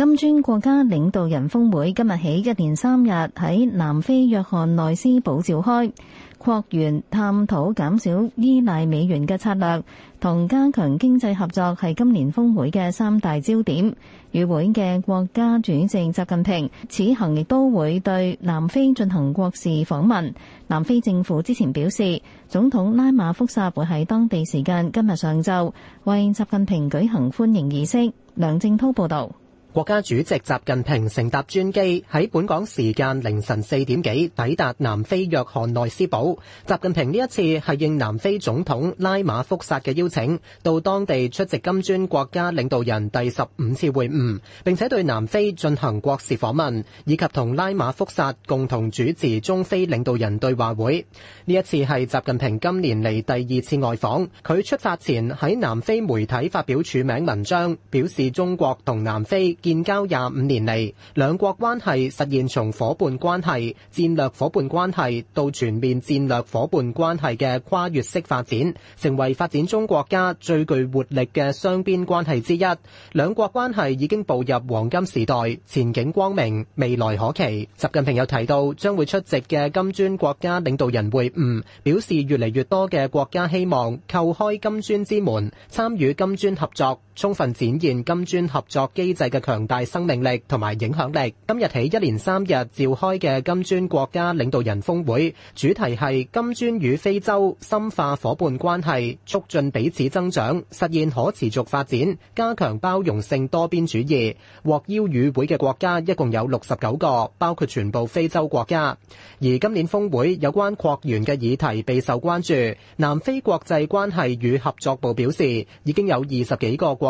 金磚國家領導人峰會今日起一連三日喺南非約翰內斯堡召開，擴員探討減少依賴美元嘅策略，同加強經濟合作係今年峰會嘅三大焦點。與會嘅國家主席習近平此行亦都會對南非進行國事訪問。南非政府之前表示，總統拉馬福薩會喺當地時間今日上晝為習近平舉行歡迎儀式。梁正濤報道。國家主席習近平乘搭專機喺本港時間凌晨四點幾抵達南非約翰內斯堡。習近平呢一次係應南非總統拉馬福薩嘅邀請，到當地出席金磚國家領導人第十五次會晤，並且對南非進行國事訪問，以及同拉馬福薩共同主持中非領導人對話會。呢一次係習近平今年嚟第二次外訪。佢出發前喺南非媒體發表署名文章，表示中國同南非建交廿五年嚟，兩國關係實現從伙伴關係、戰略伙伴關係到全面戰略伙伴關係嘅跨越式發展，成為發展中國家最具活力嘅雙邊關係之一。兩國關係已經步入黃金時代，前景光明，未來可期。習近平又提到，將會出席嘅金磚國家領導人會晤，表示越嚟越多嘅國家希望叩開金磚之門，參與金磚合作。充分展現金磚合作機制嘅強大生命力同埋影響力。今日起一連三日召開嘅金磚國家領導人峰會，主題係金磚與非洲深化伙伴關係，促進彼此增長，實現可持續發展，加強包容性多邊主義。獲邀與會嘅國家一共有六十九個，包括全部非洲國家。而今年峰會有關擴員嘅議題備受關注。南非國際關係與合作部表示，已經有二十幾個國。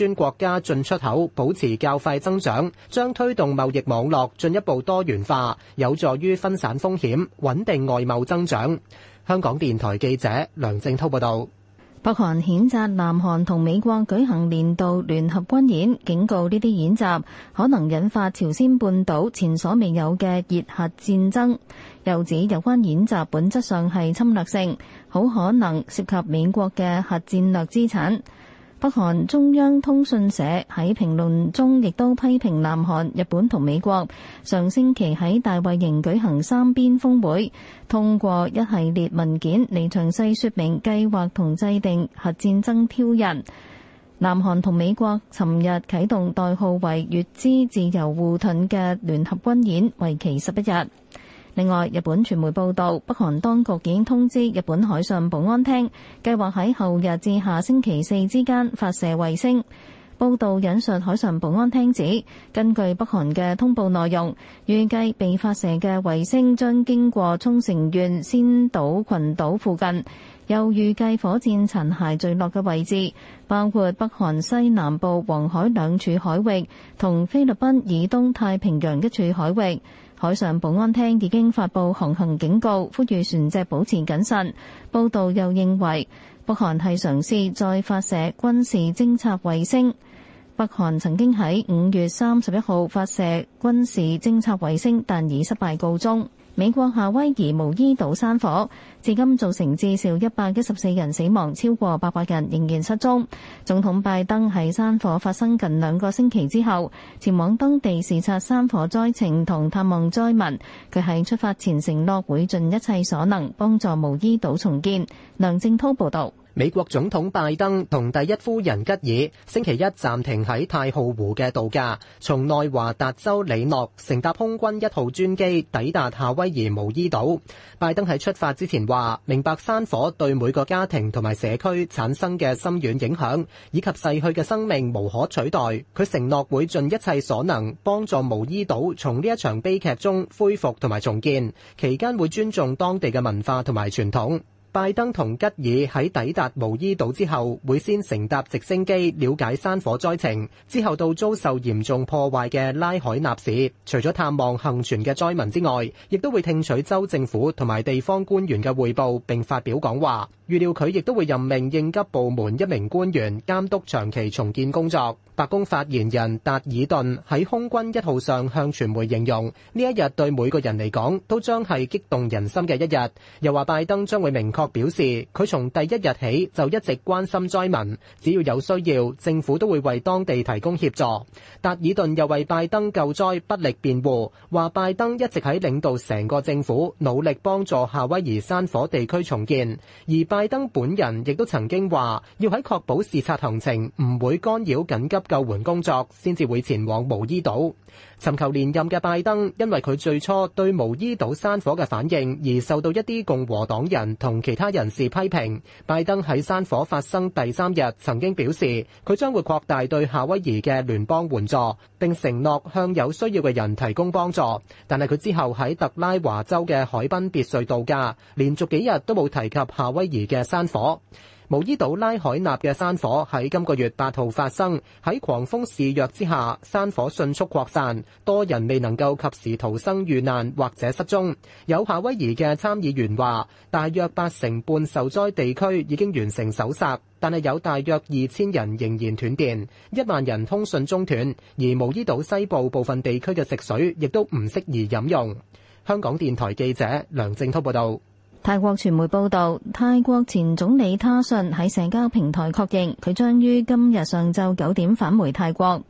專國家進出口保持較快增長，將推動貿易網絡進一步多元化，有助於分散風險、穩定外貿增長。香港電台記者梁正濤報道。北韓譴責南韓同美國舉行年度聯合軍演，警告呢啲演習可能引發朝鮮半島前所未有嘅熱核戰爭，又指有關演習本質上係侵略性，好可能涉及美國嘅核戰略資產。北韓中央通訊社喺評論中亦都批評南韓、日本同美國，上星期喺大衛營舉行三邊峰會，通過一系列文件嚟詳細說明計劃同制定核戰爭挑釁。南韓同美國尋日啟動代號為「乙支自由護盾」嘅聯合軍演，為期十一日。另外，日本傳媒報道，北韓當局已經通知日本海上保安廳，計劃喺後日至下星期四之間發射衛星。報道引述海上保安廳指，根據北韓嘅通報內容，預計被發射嘅衛星將經過沖繩縣先島群島附近，又預計火箭殘骸墜落嘅位置包括北韓西南部黃海兩處海域同菲律賓以東太平洋一處海域。海上保安廳已經發布航行警告，呼籲船隻保持謹慎。報道又認為，北韓係嘗試再發射軍事偵察衛星。北韓曾經喺五月三十一號發射軍事偵察衛星，但以失敗告終。美國夏威夷毛伊島山火至今造成至少一百一十四人死亡，超過八百人仍然失蹤。總統拜登喺山火發生近兩個星期之後，前往當地視察山火災情同探望災民。佢喺出發前承諾會盡一切所能幫助毛伊島重建。梁正濤報道。美國總統拜登同第一夫人吉爾星期一暫停喺太浩湖嘅度假，從內華達州里諾乘搭空軍一號專機抵達夏威夷毛伊島。拜登喺出發之前話：明白山火對每個家庭同埋社區產生嘅深遠影響，以及逝去嘅生命無可取代。佢承諾會盡一切所能幫助毛伊島從呢一場悲劇中恢復同埋重建，期間會尊重當地嘅文化同埋傳統。拜登同吉爾喺抵達毛伊島之後，會先乘搭直升機了解山火災情，之後到遭受嚴重破壞嘅拉海納市。除咗探望幸存嘅災民之外，亦都會聽取州政府同埋地方官員嘅匯報並發表講話。預料佢亦都會任命應急部門一名官員監督長期重建工作。白宮發言人達爾頓喺空軍一號上向傳媒形容：呢一日對每個人嚟講都將係激動人心嘅一日。又話拜登將會明確表示佢從第一日起就一直關心災民，只要有需要，政府都會為當地提供協助。達爾頓又為拜登救災不力辯護，話拜登一直喺領導成個政府，努力幫助夏威夷山火地區重建。而拜登本人亦都曾經話要喺確保視察行程唔會干擾緊急救援工作，先至會前往毛伊島。尋求連任嘅拜登，因為佢最初對毛伊島山火嘅反應而受到一啲共和黨人同。其他人士批評，拜登喺山火發生第三日曾經表示，佢將會擴大對夏威夷嘅聯邦援助，並承諾向有需要嘅人提供幫助。但係佢之後喺特拉華州嘅海濱別墅度假，連續幾日都冇提及夏威夷嘅山火。毛伊島拉海納嘅山火喺今個月八號發生，喺狂風肆虐之下，山火迅速擴散，多人未能夠及時逃生遇難或者失蹤。有夏威夷嘅參議員話，大約八成半受災地區已經完成搜查，但係有大約二千人仍然斷電，一萬人通訊中斷，而毛伊島西部部分地區嘅食水亦都唔適宜飲用。香港電台記者梁正濤報道。泰國傳媒報道，泰國前總理他信喺社交平台確認，佢將於今日上晝九點返回泰國。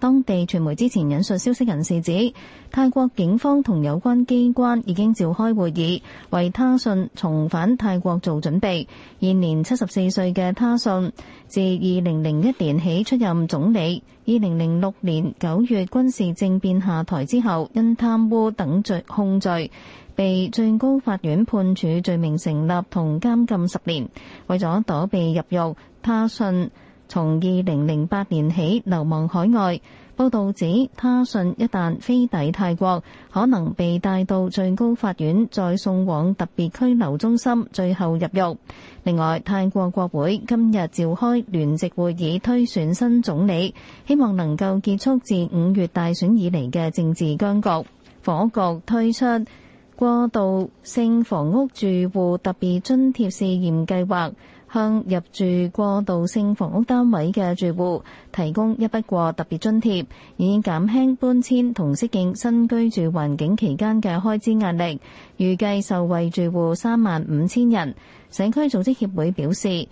當地傳媒之前引述消息人士指，泰國警方同有關機關已經召開會議，為他信重返泰國做準備。現年七十四歲嘅他信，自二零零一年起出任總理，二零零六年九月軍事政變下台之後，因貪污等罪控罪。被最高法院判處罪名成立同監禁十年，為咗躲避入獄，他信從二零零八年起流亡海外。報道指，他信一旦飛抵泰國，可能被帶到最高法院，再送往特別拘留中心，最後入獄。另外，泰國國會今日召開聯席會議推選新總理，希望能夠結束自五月大選以嚟嘅政治僵局。火局推出。過渡性房屋住戶特別津貼試驗計劃，向入住過渡性房屋單位嘅住戶提供一筆過特別津貼，以減輕搬遷同適應新居住環境期間嘅開支壓力。預計受惠住戶三萬五千人。社區組織協會表示，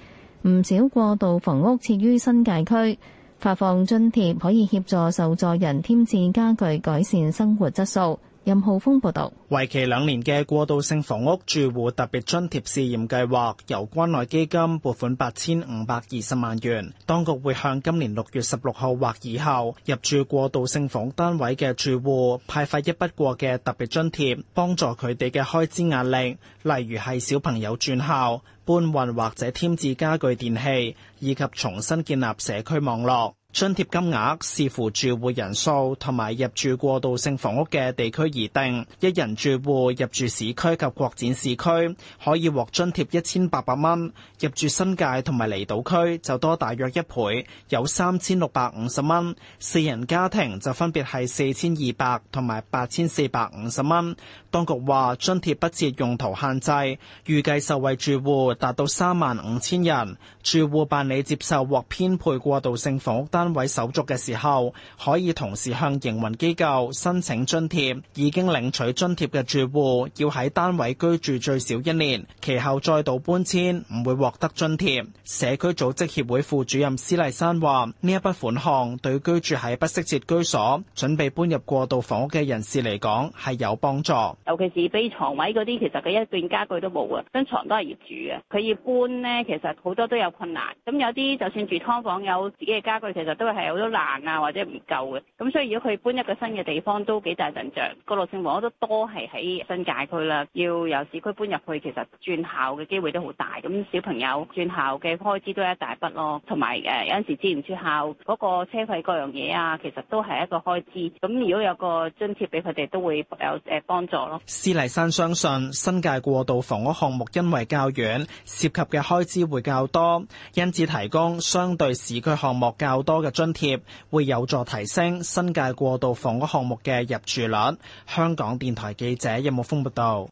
唔少過渡房屋設於新界區，發放津貼可以協助受助人添置家具，改善生活質素。任浩峰報道，為期兩年嘅過渡性房屋住戶特別津貼試驗計劃，由關愛基金撥款八千五百二十萬元，當局會向今年六月十六號或以後入住過渡性房單位嘅住戶派發一筆過嘅特別津貼，幫助佢哋嘅開支壓力，例如係小朋友轉校、搬運或者添置家具電器，以及重新建立社區網絡。津貼金額視乎住戶人數同埋入住過渡性房屋嘅地區而定。一人住戶入住市區及國展市區可以獲津貼一千八百蚊，入住新界同埋離島區就多大約一倍，有三千六百五十蚊。四人家庭就分別係四千二百同埋八千四百五十蚊。當局話津貼不設用途限制，預計受惠住戶達到三萬五千人。住戶辦理接受獲編配過渡性房屋，單位手續嘅時候，可以同時向營運機構申請津貼。已經領取津貼嘅住戶，要喺單位居住最少一年，其後再度搬遷唔會獲得津貼。社區組織協會副主任施麗珊話：呢一筆款項對居住喺不適切居所、準備搬入過渡房屋嘅人士嚟講係有幫助。尤其是俾床位嗰啲，其實佢一段家具都冇啊，張床都係業主啊。佢要搬呢，其實好多都有困難。咁有啲就算住劏房有自己嘅家具，其實都係好多難啊，或者唔夠嘅，咁所以如果佢搬一個新嘅地方都幾大陣象。個路成房都多係喺新界區啦，要由市區搬入去，其實轉校嘅機會都好大。咁小朋友轉校嘅開支都係一大筆咯，同埋誒有陣時支唔接校嗰、那個車費各樣嘢啊，其實都係一個開支。咁如果有個津貼俾佢哋，都會有誒幫助咯。施麗珊相信新界過渡房屋項目因為較遠，涉及嘅開支會較多，因此提供相對市區項目較多。嘅津貼會有助提升新界過渡房屋項目嘅入住率。香港電台記者任木峰報道。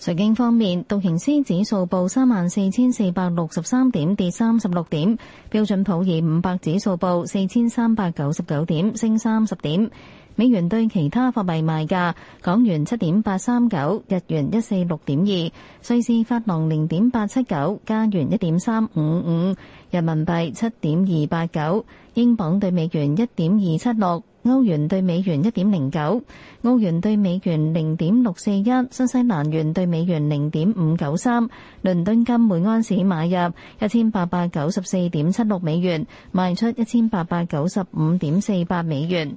財經方面，道瓊斯指數報三萬四千四百六十三點，跌三十六點；標準普爾五百指數報四千三百九十九點，升三十點。美元對其他貨幣賣價：港元七點八三九，日元一四六點二，瑞士法郎零點八七九，加元一點三五五，人民幣七點二八九，英鎊對美元一點二七六，歐元對美元一點零九，澳元對美元零點六四一，新西蘭元對美元零點五九三。倫敦金每安士買入一千八百九十四點七六美元，賣出一千八百九十五點四八美元。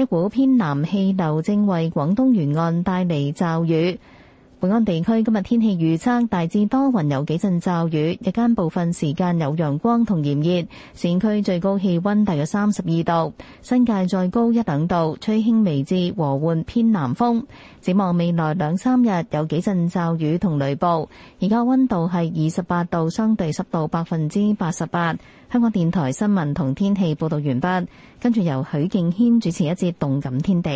一股偏南氣流正為廣東沿岸帶嚟驟雨。本安地區今日天氣預測，大致多雲有幾陣驟雨，日間部分時間有陽光同炎熱，市區最高氣溫大約三十二度，新界再高一等度，吹輕微至和緩偏南風。展望未來兩三日有幾陣驟雨同雷暴，而家溫度係二十八度，相對濕度百分之八十八。香港電台新聞同天氣報道完畢，跟住由許敬軒主持一節《動感天地》。